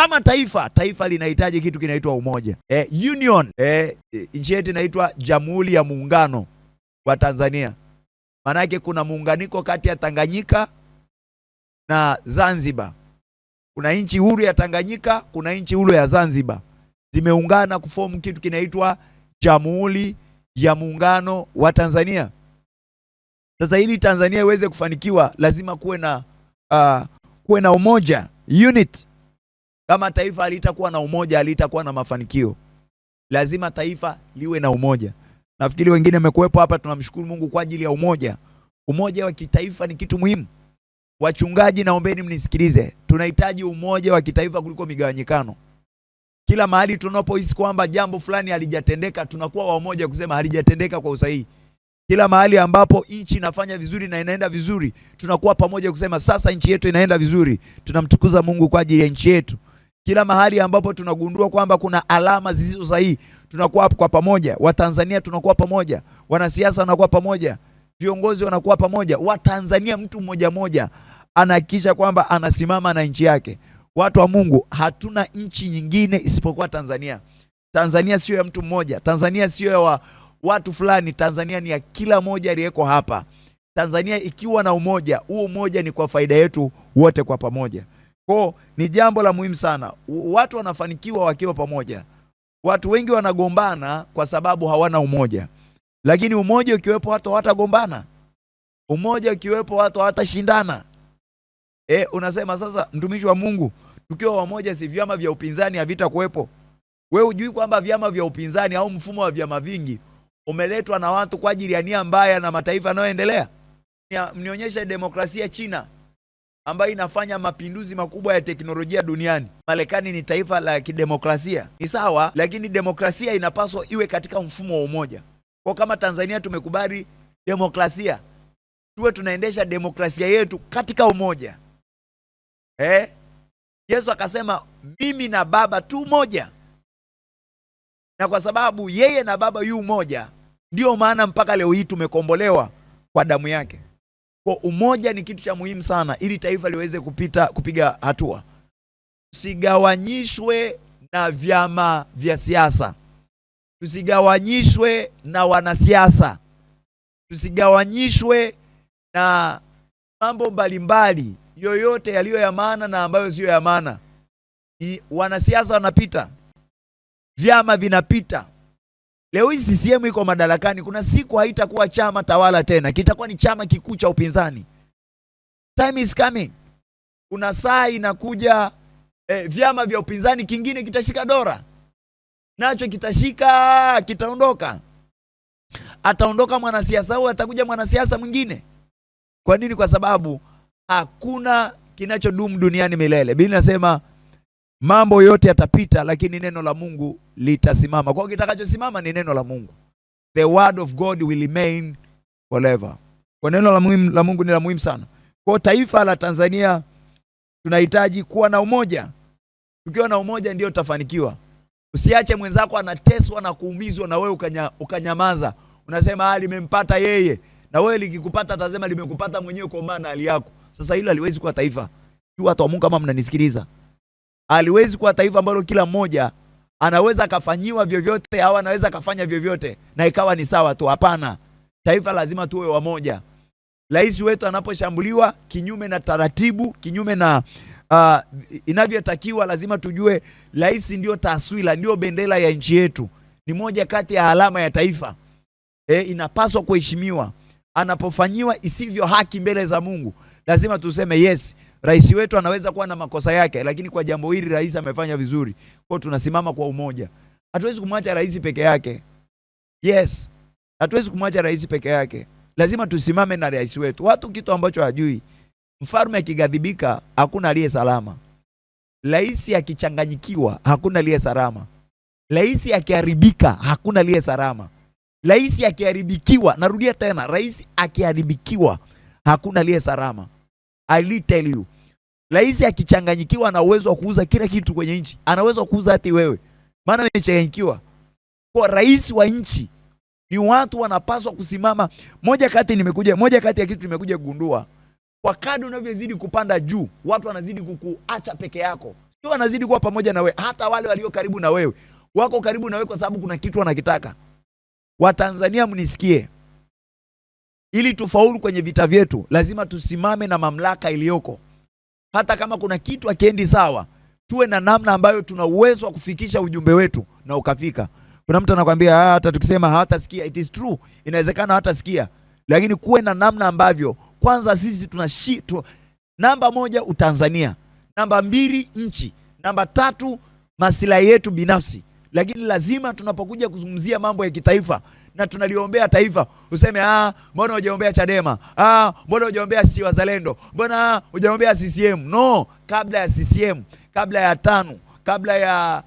kama taifa, taifa linahitaji kitu kinaitwa umoja eh, union eh, nchi yetu inaitwa Jamhuri ya Muungano wa Tanzania. Maanake kuna muunganiko kati ya Tanganyika na Zanzibar. Kuna nchi huru ya Tanganyika, kuna nchi huru ya Zanzibar, zimeungana kufomu kitu kinaitwa Jamhuri ya Muungano wa Tanzania. Sasa ili Tanzania iweze kufanikiwa lazima kuwe na uh, kuwe na umoja unit kama taifa halitakuwa na umoja, halitakuwa na mafanikio. Lazima taifa liwe na umoja. Nafikiri wengine mmekuwepo hapa, tunamshukuru Mungu kwa ajili ya umoja. Umoja wa kitaifa ni kitu muhimu. Wachungaji, naombeni mnisikilize, tunahitaji umoja wa kitaifa kuliko migawanyikano. Kila mahali tunapohisi kwamba jambo fulani halijatendeka, tunakuwa wamoja kusema halijatendeka kwa usahihi. Kila mahali ambapo nchi inafanya vizuri na inaenda vizuri, tunakuwa pamoja kusema sasa nchi yetu inaenda vizuri. Tunamtukuza Mungu kwa ajili ya nchi yetu. Kila mahali ambapo tunagundua kwamba kuna alama zisizo sahihi, tunakuwa kwa pamoja. Watanzania tunakuwa pamoja, wanasiasa wanakuwa pamoja, viongozi wanakuwa pamoja, Watanzania mtu mmoja mmoja anahakikisha kwamba anasimama na nchi yake. Watu wa Mungu, hatuna nchi nyingine isipokuwa Tanzania. Tanzania sio ya mtu mmoja, Tanzania sio ya wa watu fulani. Tanzania ni ya kila mmoja aliyeko hapa. Tanzania ikiwa na umoja, huo umoja ni kwa faida yetu wote kwa pamoja. Kwao ni jambo la muhimu sana. Watu wanafanikiwa wakiwa pamoja. Watu wengi wanagombana kwa sababu hawana umoja, lakini umoja ukiwepo watu hawatagombana. Umoja ukiwepo watu hawatashindana. E, unasema sasa, mtumishi wa Mungu, tukiwa wamoja, si vyama vya upinzani havitakuwepo? Wewe hujui kwamba vyama vya upinzani au mfumo wa vyama vingi umeletwa na watu kwa ajili ya nia mbaya na mataifa yanayoendelea? Mnionyeshe demokrasia China ambayo inafanya mapinduzi makubwa ya teknolojia duniani. Marekani ni taifa la kidemokrasia, ni sawa, lakini demokrasia inapaswa iwe katika mfumo wa umoja. Kwa kama Tanzania tumekubali demokrasia, tuwe tunaendesha demokrasia yetu katika umoja eh? Yesu akasema mimi na Baba tu moja, na kwa sababu yeye na Baba yu moja, ndiyo maana mpaka leo hii tumekombolewa kwa damu yake. Kwa umoja ni kitu cha muhimu sana ili taifa liweze kupita kupiga hatua. Tusigawanyishwe na vyama vya siasa, tusigawanyishwe na wanasiasa, tusigawanyishwe na mambo mbalimbali yoyote yaliyo ya maana na ambayo siyo ya maana. Wanasiasa wanapita, vyama vinapita. Leo hii CCM iko madarakani, kuna siku haitakuwa chama tawala tena, kitakuwa ni chama kikuu cha upinzani. Time is coming, kuna saa inakuja eh, vyama vya upinzani kingine kitashika dora, nacho kitashika, kitaondoka. Ataondoka mwanasiasa huyu, atakuja mwanasiasa mwingine. Kwa nini? Kwa sababu hakuna kinachodumu duniani milele. Biblia inasema Mambo yote yatapita, lakini neno la Mungu litasimama. Kwa hiyo kitakachosimama ni neno la Mungu, the word of God will remain forever. Kwa neno la muhimu la Mungu ni la muhimu sana. Kwa taifa la Tanzania tunahitaji kuwa na umoja. Tukiwa na umoja ndio tutafanikiwa. Usiache mwenzako anateswa na kuumizwa na wewe ukanya, ukanyamaza unasema ah, limempata yeye, na wewe likikupata atasema limekupata mwenyewe, kwa maana hali yako sasa. Hilo haliwezi kuwa taifa. Watu wa Mungu, kama mnanisikiliza aliwezi kuwa taifa ambalo kila mmoja anaweza akafanyiwa vyovyote au anaweza akafanya vyovyote na ikawa ni sawa tu. Hapana, taifa lazima tuwe wamoja. Rais wetu anaposhambuliwa kinyume na taratibu, kinyume na uh, inavyotakiwa, lazima tujue rais ndio taswira, ndio bendera ya nchi yetu, ni moja kati ya alama ya taifa e, inapaswa kuheshimiwa. Anapofanyiwa isivyo haki mbele za Mungu, lazima tuseme yes Rais wetu anaweza kuwa na makosa yake, lakini kwa jambo hili rais amefanya vizuri. Kwa tunasimama kwa umoja, hatuwezi kumwacha rais peke yake. Yes, hatuwezi kumwacha rais peke yake, lazima tusimame na rais wetu. Watu kitu ambacho hajui, mfalme akigadhibika hakuna aliye salama, rais akichanganyikiwa hakuna aliye salama, rais akiharibika hakuna aliye salama, rais akiharibikiwa. Narudia tena, rais akiharibikiwa hakuna aliye salama. I tell you Rais akichanganyikiwa ana uwezo wa kuuza kila kitu kwenye nchi, ana uwezo wa kuuza hati wewe, maana amechanganyikiwa. Kwa rais wa nchi ni watu wanapaswa kusimama. Moja kati nimekuja, moja kati ya kitu nimekuja kugundua, kwa kadri unavyozidi kupanda juu, watu wanazidi kukuacha peke yako, sio wanazidi kuwa pamoja na wewe. Hata wale walio karibu na wewe wako karibu na wewe kwa sababu kuna kitu wanakitaka. Watanzania mnisikie, ili tufaulu kwenye vita vyetu lazima tusimame na mamlaka iliyoko hata kama kuna kitu akiendi sawa, tuwe na namna ambayo tuna uwezo wa kufikisha ujumbe wetu na ukafika. Kuna mtu anakuambia ah, hata tukisema hawatasikia, it is true, inawezekana hawatasikia, lakini kuwe na namna ambavyo kwanza sisi tuna shi, tu, namba moja Utanzania, namba mbili nchi, namba tatu masilahi yetu binafsi lakini lazima tunapokuja kuzungumzia mambo ya kitaifa na tunaliombea taifa useme ah, mbona hujaombea Chadema? Ah, mbona hujaombea sisi Wazalendo? Mbona hujaombea CCM? No, kabla ya CCM, kabla ya tano, kabla ya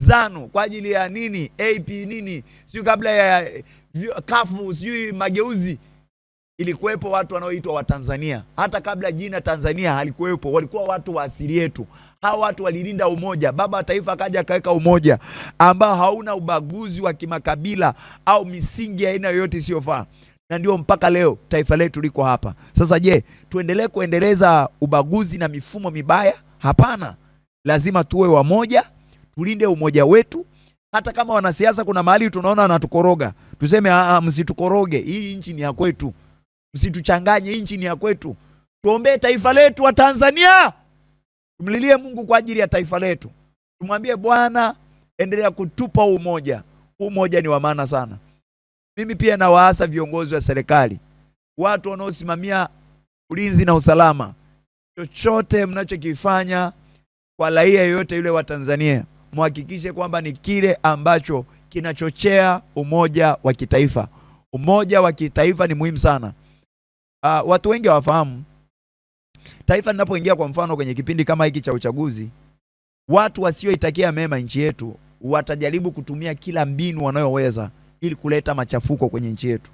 Zanu kwa ajili ya nini, AP nini, sio kabla ya kafu, sio mageuzi ilikuwepo watu wanaoitwa Watanzania. Hata kabla jina Tanzania halikuwepo, walikuwa watu wa asili yetu. Hawa watu walilinda umoja. Baba wa Taifa akaja akaweka umoja ambao hauna ubaguzi wa kimakabila au misingi ya aina yoyote isiyofaa, na ndio mpaka leo taifa letu liko hapa. Sasa je, tuendelee kuendeleza ubaguzi na mifumo mibaya? Hapana, lazima tuwe wamoja, tulinde umoja wetu. Hata kama wanasiasa kuna mahali tunaona wanatukoroga, tuseme ah, ah, msitukoroge. Hii nchi ni ya kwetu, msituchanganye. Hii nchi ni ya kwetu. Tuombee taifa letu wa Tanzania. Tumlilie Mungu kwa ajili ya taifa letu, tumwambie Bwana, endelea kutupa umoja. Umoja ni wa maana sana. Mimi pia nawaasa viongozi wa serikali, watu wanaosimamia ulinzi na usalama, chochote mnachokifanya kwa raia yoyote yule wa Tanzania, muhakikishe kwamba ni kile ambacho kinachochea umoja wa kitaifa. Umoja wa kitaifa ni muhimu sana. Uh, watu wengi hawafahamu taifa linapoingia kwa mfano kwenye kipindi kama hiki cha uchaguzi, watu wasioitakia mema nchi yetu watajaribu kutumia kila mbinu wanayoweza ili kuleta machafuko kwenye nchi yetu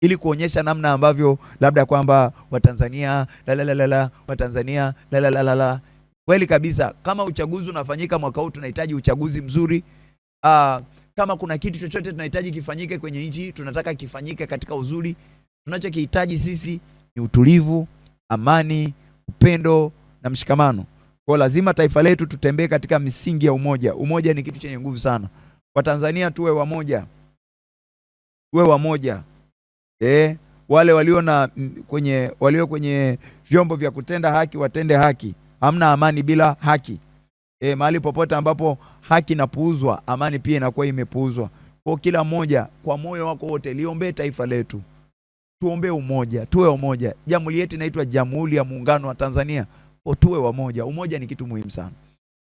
ili kuonyesha namna ambavyo labda kwamba Watanzania la la la la Watanzania la la la la. Kweli kabisa, kama uchaguzi unafanyika mwaka huu tunahitaji uchaguzi mzuri. Aa, ah, kama kuna kitu chochote tunahitaji kifanyike kwenye nchi, tunataka kifanyike katika uzuri. Tunachokihitaji sisi ni utulivu, amani upendo na mshikamano. Kwa lazima taifa letu tutembee katika misingi ya umoja. Umoja ni kitu chenye nguvu sana. Watanzania tuwe wamoja, tuwe wamoja eh, wale walio na mm, kwenye walio kwenye vyombo vya kutenda haki watende haki. Hamna amani bila haki eh, mahali popote ambapo haki inapuuzwa, amani pia inakuwa imepuuzwa. Kwa kila mmoja kwa moyo wako wote liombee taifa letu tuombee umoja, tuwe umoja. Jamhuri yetu inaitwa Jamhuri ya Muungano wa Tanzania, tuwe wamoja. Umoja ni kitu muhimu sana.